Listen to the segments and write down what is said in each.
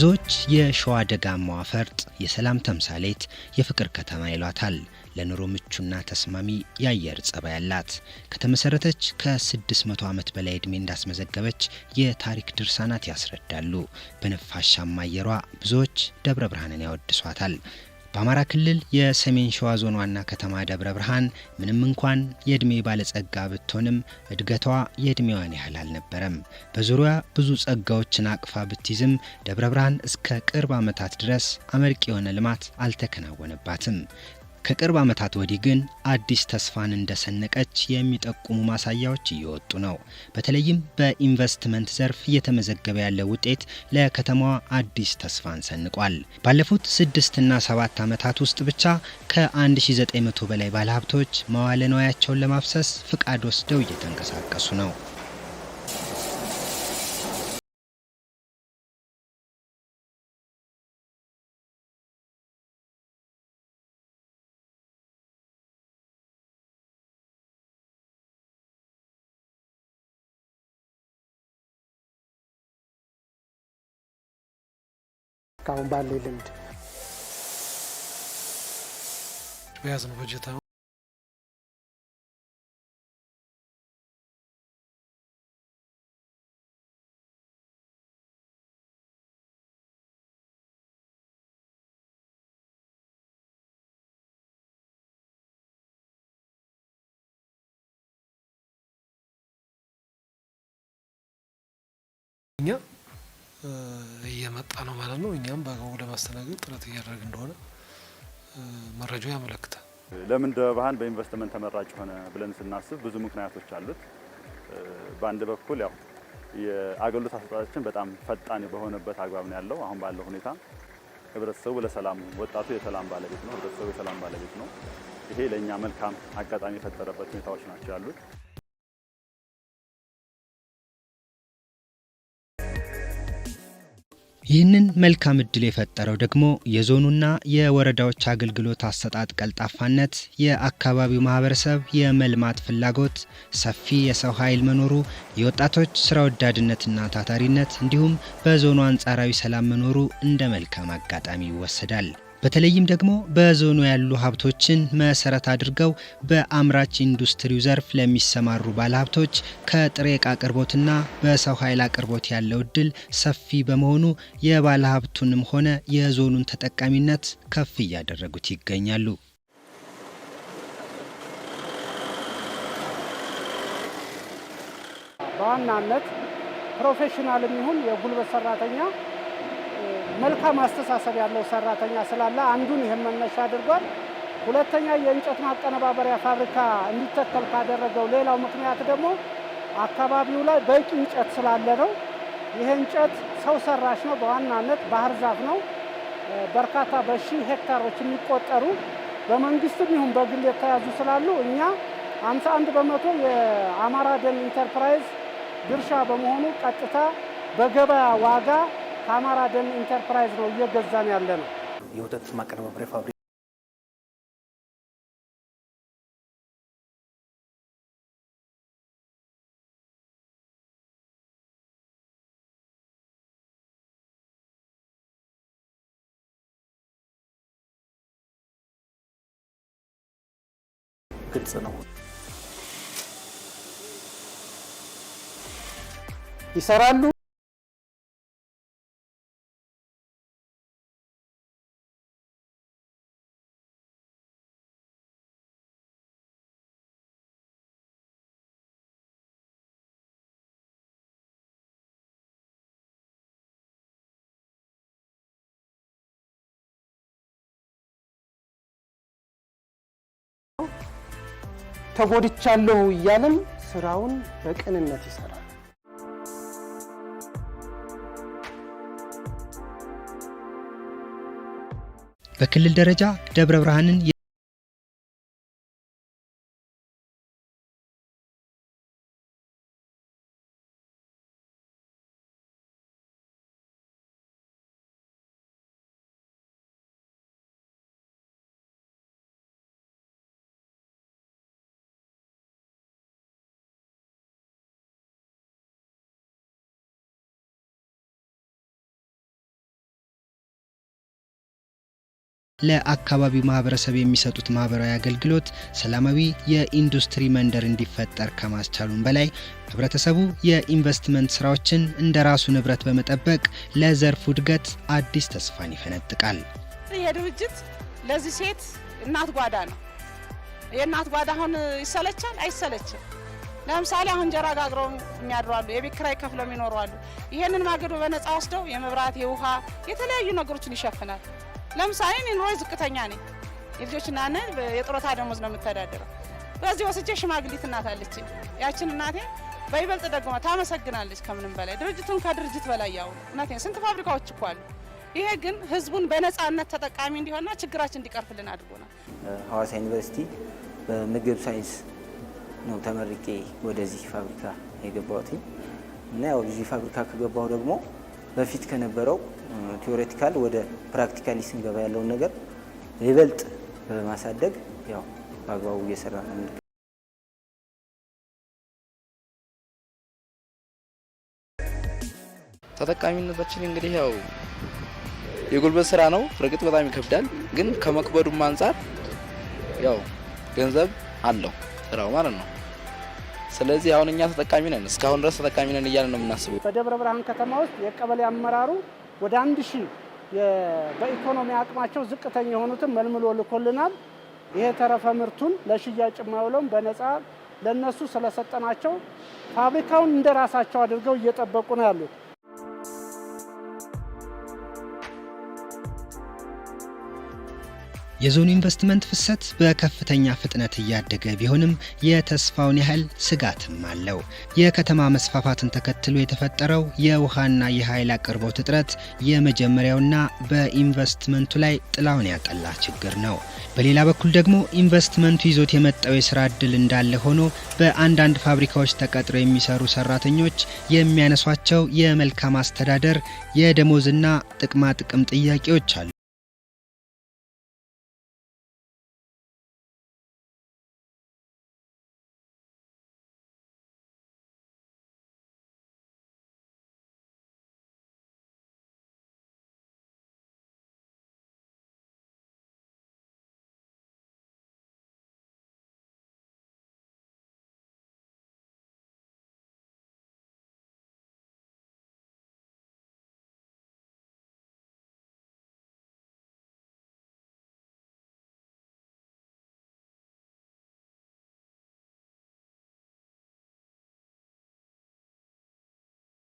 ብዙዎች የሸዋ ደጋማዋ ፈርጥ የሰላም ተምሳሌት፣ የፍቅር ከተማ ይሏታል። ለኑሮ ምቹና ተስማሚ የአየር ጸባይ ያላት ከተመሰረተች ከ600 ዓመት በላይ ዕድሜ እንዳስመዘገበች የታሪክ ድርሳናት ያስረዳሉ። በነፋሻማ አየሯ ብዙዎች ደብረ ብርሃንን ያወድሷታል። በአማራ ክልል የሰሜን ሸዋ ዞን ዋና ከተማ ደብረ ብርሃን ምንም እንኳን የዕድሜ ባለጸጋ ብትሆንም እድገቷ የዕድሜዋን ያህል አልነበረም። በዙሪያ ብዙ ጸጋዎችን አቅፋ ብትይዝም ደብረ ብርሃን እስከ ቅርብ ዓመታት ድረስ አመርቂ የሆነ ልማት አልተከናወነባትም። ከቅርብ ዓመታት ወዲህ ግን አዲስ ተስፋን እንደሰነቀች የሚጠቁሙ ማሳያዎች እየወጡ ነው። በተለይም በኢንቨስትመንት ዘርፍ እየተመዘገበ ያለ ውጤት ለከተማዋ አዲስ ተስፋን ሰንቋል። ባለፉት ስድስትና ሰባት ዓመታት ውስጥ ብቻ ከ1900 በላይ ባለሀብቶች መዋለ ንዋያቸውን ለማፍሰስ ፍቃድ ወስደው እየተንቀሳቀሱ ነው። Kaumba Leland. Beleza, não vou digitar. እየመጣ ነው ማለት ነው። እኛም በአግባቡ ለማስተናገድ ጥረት እያደረግ እንደሆነ መረጃው ያመለክታል። ለምን ደብረብርሃን በኢንቨስትመንት ተመራጭ ሆነ ብለን ስናስብ ብዙ ምክንያቶች አሉት። በአንድ በኩል ያው የአገልግሎት አሰጣጣችን በጣም ፈጣን በሆነበት አግባብ ነው ያለው። አሁን ባለው ሁኔታ ህብረተሰቡ ለሰላም ወጣቱ የሰላም ባለቤት ነው፣ ህብረተሰቡ የሰላም ባለቤት ነው። ይሄ ለእኛ መልካም አጋጣሚ የፈጠረበት ሁኔታዎች ናቸው ያሉት። ይህንን መልካም እድል የፈጠረው ደግሞ የዞኑና የወረዳዎች አገልግሎት አሰጣጥ ቀልጣፋነት፣ የአካባቢው ማህበረሰብ የመልማት ፍላጎት፣ ሰፊ የሰው ኃይል መኖሩ፣ የወጣቶች ስራ ወዳድነትና ታታሪነት እንዲሁም በዞኑ አንጻራዊ ሰላም መኖሩ እንደ መልካም አጋጣሚ ይወሰዳል። በተለይም ደግሞ በዞኑ ያሉ ሀብቶችን መሰረት አድርገው በአምራች ኢንዱስትሪው ዘርፍ ለሚሰማሩ ባለሀብቶች ከጥሬ ዕቃ አቅርቦትና በሰው ኃይል አቅርቦት ያለው እድል ሰፊ በመሆኑ የባለሀብቱንም ሆነ የዞኑን ተጠቃሚነት ከፍ እያደረጉት ይገኛሉ። በዋናነት ፕሮፌሽናልም ይሁን የጉልበት ሰራተኛ መልካም አስተሳሰብ ያለው ሰራተኛ ስላለ አንዱን ይህም መነሻ አድርጓል። ሁለተኛ የእንጨት ማቀነባበሪያ ፋብሪካ እንዲተከል ካደረገው ሌላው ምክንያት ደግሞ አካባቢው ላይ በቂ እንጨት ስላለ ነው። ይህ እንጨት ሰው ሰራሽ ነው። በዋናነት ባህር ዛፍ ነው። በርካታ በሺ ሄክታሮች የሚቆጠሩ በመንግስትም ይሁን በግል የተያዙ ስላሉ እኛ 51 በመቶ የአማራ ደን ኢንተርፕራይዝ ድርሻ በመሆኑ ቀጥታ በገበያ ዋጋ ከአማራ ደን ኢንተርፕራይዝ ነው እየገዛን ያለ ነው። የወተት ማቀነባበሪያ ፋብሪካ ግልጽ ነው ይሰራሉ። ተጎድቻለሁ እያለም ስራውን በቅንነት ይሰራል። በክልል ደረጃ ደብረ ብርሃንን ለአካባቢው ማህበረሰብ የሚሰጡት ማህበራዊ አገልግሎት ሰላማዊ የኢንዱስትሪ መንደር እንዲፈጠር ከማስቻሉም በላይ ህብረተሰቡ የኢንቨስትመንት ስራዎችን እንደ ራሱ ንብረት በመጠበቅ ለዘርፉ እድገት አዲስ ተስፋን ይፈነጥቃል። ይሄ ድርጅት ለዚህ ሴት እናት ጓዳ ነው። የእናት ጓዳ አሁን ይሰለቻል አይሰለችም? ለምሳሌ አሁን እንጀራ ጋግረው የሚያድሩ አሉ፣ የቤት ኪራይ ከፍለው የሚኖሩ አሉ። ይህንን ማገዶ በነፃ ወስደው የመብራት የውሃ የተለያዩ ነገሮችን ይሸፍናል። ለምሳሌ እኔ ኑሮ ዝቅተኛ ነኝ። የልጆች እናነ ነኝ። የጡረታ ደሞዝ ነው የምተዳደረው። በዚህ ወስጄ ሽማግሌት እናት አለች። ያችን እናቴ በይበልጥ ደግሞ ታመሰግናለች ከምንም በላይ ድርጅቱን ከድርጅት በላይ ያው እናቴ ስንት ፋብሪካዎች እኮ አሉ። ይሄ ግን ህዝቡን በነፃነት ተጠቃሚ እንዲሆንና ችግራችን እንዲቀርፍልን አድርጎናል። ሀዋሳ ዩኒቨርሲቲ በምግብ ሳይንስ ነው ተመርቄ ወደዚህ ፋብሪካ የገባሁት እና ያው እዚህ ፋብሪካ ከገባሁ ደግሞ በፊት ከነበረው ቲዎሬቲካል ወደ ፕራክቲካሊ ስንገባ ያለውን ነገር ይበልጥ በማሳደግ ያው በአግባቡ እየሰራ ነው። ተጠቃሚነታችን እንግዲህ ያው የጉልበት ስራ ነው። እርግጥ በጣም ይከብዳል፣ ግን ከመክበዱም አንጻር ያው ገንዘብ አለው ስራው ማለት ነው። ስለዚህ አሁን እኛ ተጠቃሚ ነን፣ እስካሁን ድረስ ተጠቃሚ ነን እያለ ነው የምናስበው። በደብረ ብርሃን ከተማ ውስጥ የቀበሌ አመራሩ ወደ አንድ ሺህ በኢኮኖሚ አቅማቸው ዝቅተኛ የሆኑትን መልምሎ ልኮልናል። ይሄ ተረፈ ምርቱን ለሽያጭ የማውለውን በነፃ ለእነሱ ስለሰጠናቸው ፋብሪካውን እንደ ራሳቸው አድርገው እየጠበቁ ነው ያሉት። የዞኑ ኢንቨስትመንት ፍሰት በከፍተኛ ፍጥነት እያደገ ቢሆንም የተስፋውን ያህል ስጋትም አለው። የከተማ መስፋፋትን ተከትሎ የተፈጠረው የውሃና የኃይል አቅርቦት እጥረት የመጀመሪያውና በኢንቨስትመንቱ ላይ ጥላውን ያጠላ ችግር ነው። በሌላ በኩል ደግሞ ኢንቨስትመንቱ ይዞት የመጣው የስራ ዕድል እንዳለ ሆኖ በአንዳንድ ፋብሪካዎች ተቀጥረው የሚሰሩ ሰራተኞች የሚያነሷቸው የመልካም አስተዳደር የደሞዝና ጥቅማ ጥቅም ጥያቄዎች አሉ።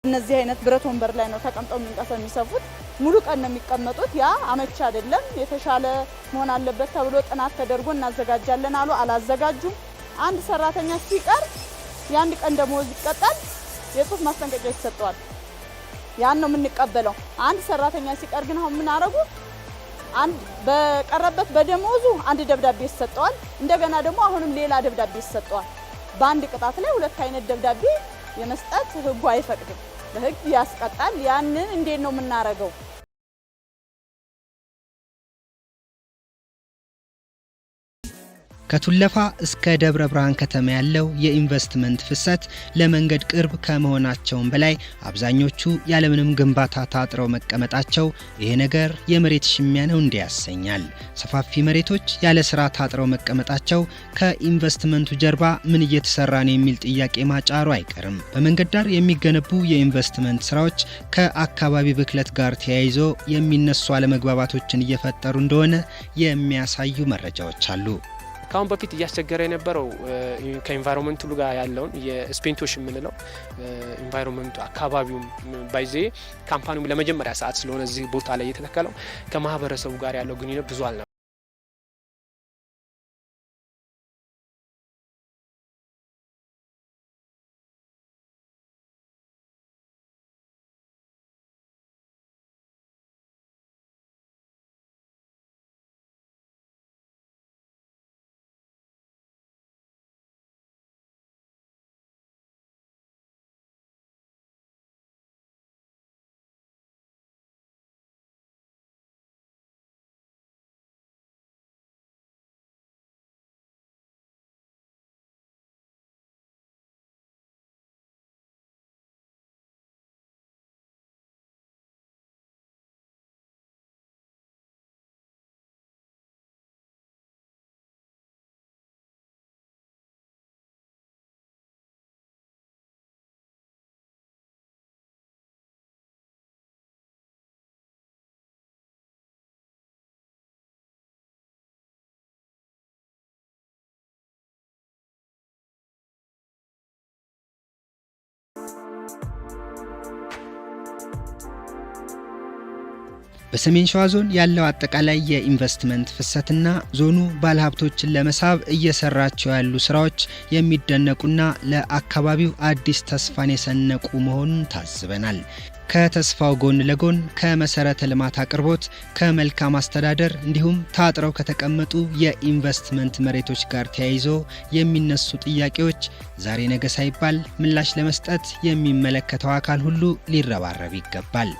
እነዚህ አይነት ብረት ወንበር ላይ ነው ተቀምጠው ምንጣፍ የሚሰፉት። ሙሉ ቀን ነው የሚቀመጡት። ያ አመቺ አይደለም። የተሻለ መሆን አለበት ተብሎ ጥናት ተደርጎ እናዘጋጃለን አሉ። አላዘጋጁም። አንድ ሰራተኛ ሲቀር የአንድ ቀን ደሞዝ ይቀጣል። የጽሁፍ ማስጠንቀቂያ ይሰጠዋል። ያን ነው የምንቀበለው። አንድ ሰራተኛ ሲቀር ግን አሁን ምን አረጉ? በቀረበት በደሞዙ አንድ ደብዳቤ ይሰጠዋል። እንደገና ደግሞ አሁንም ሌላ ደብዳቤ ይሰጠዋል። በአንድ ቅጣት ላይ ሁለት አይነት ደብዳቤ የመስጠት ህጉ አይፈቅድም። በህግ ያስቀጣል። ያንን እንዴት ነው የምናደርገው? ከቱለፋ እስከ ደብረ ብርሃን ከተማ ያለው የኢንቨስትመንት ፍሰት ለመንገድ ቅርብ ከመሆናቸውም በላይ አብዛኞቹ ያለምንም ግንባታ ታጥረው መቀመጣቸው ይሄ ነገር የመሬት ሽሚያ ነው እንዲ ያሰኛል። ሰፋፊ መሬቶች ያለ ስራ ታጥረው መቀመጣቸው ከኢንቨስትመንቱ ጀርባ ምን እየተሰራ ነው የሚል ጥያቄ ማጫሩ አይቀርም። በመንገድ ዳር የሚገነቡ የኢንቨስትመንት ስራዎች ከአካባቢ ብክለት ጋር ተያይዞ የሚነሱ አለመግባባቶችን እየፈጠሩ እንደሆነ የሚያሳዩ መረጃዎች አሉ። ከአሁን በፊት እያስቸገረ የነበረው ከኢንቫይሮንመንቱ ጋር ያለውን የስፔንቶሽ የምንለው ኢንቫይሮንመንቱ አካባቢውም ባይዜ ካምፓኒውም ለመጀመሪያ ሰዓት ስለሆነ እዚህ ቦታ ላይ እየተተከለው ከማህበረሰቡ ጋር ያለው ግንኙነት ብዙ አልነበረ በሰሜን ሸዋ ዞን ያለው አጠቃላይ የኢንቨስትመንት ፍሰትና ዞኑ ባለሀብቶችን ለመሳብ እየሰራቸው ያሉ ስራዎች የሚደነቁና ለአካባቢው አዲስ ተስፋን የሰነቁ መሆኑን ታዝበናል። ከተስፋው ጎን ለጎን ከመሰረተ ልማት አቅርቦት ከመልካም አስተዳደር እንዲሁም ታጥረው ከተቀመጡ የኢንቨስትመንት መሬቶች ጋር ተያይዞ የሚነሱ ጥያቄዎች ዛሬ ነገ ሳይባል ምላሽ ለመስጠት የሚመለከተው አካል ሁሉ ሊረባረብ ይገባል።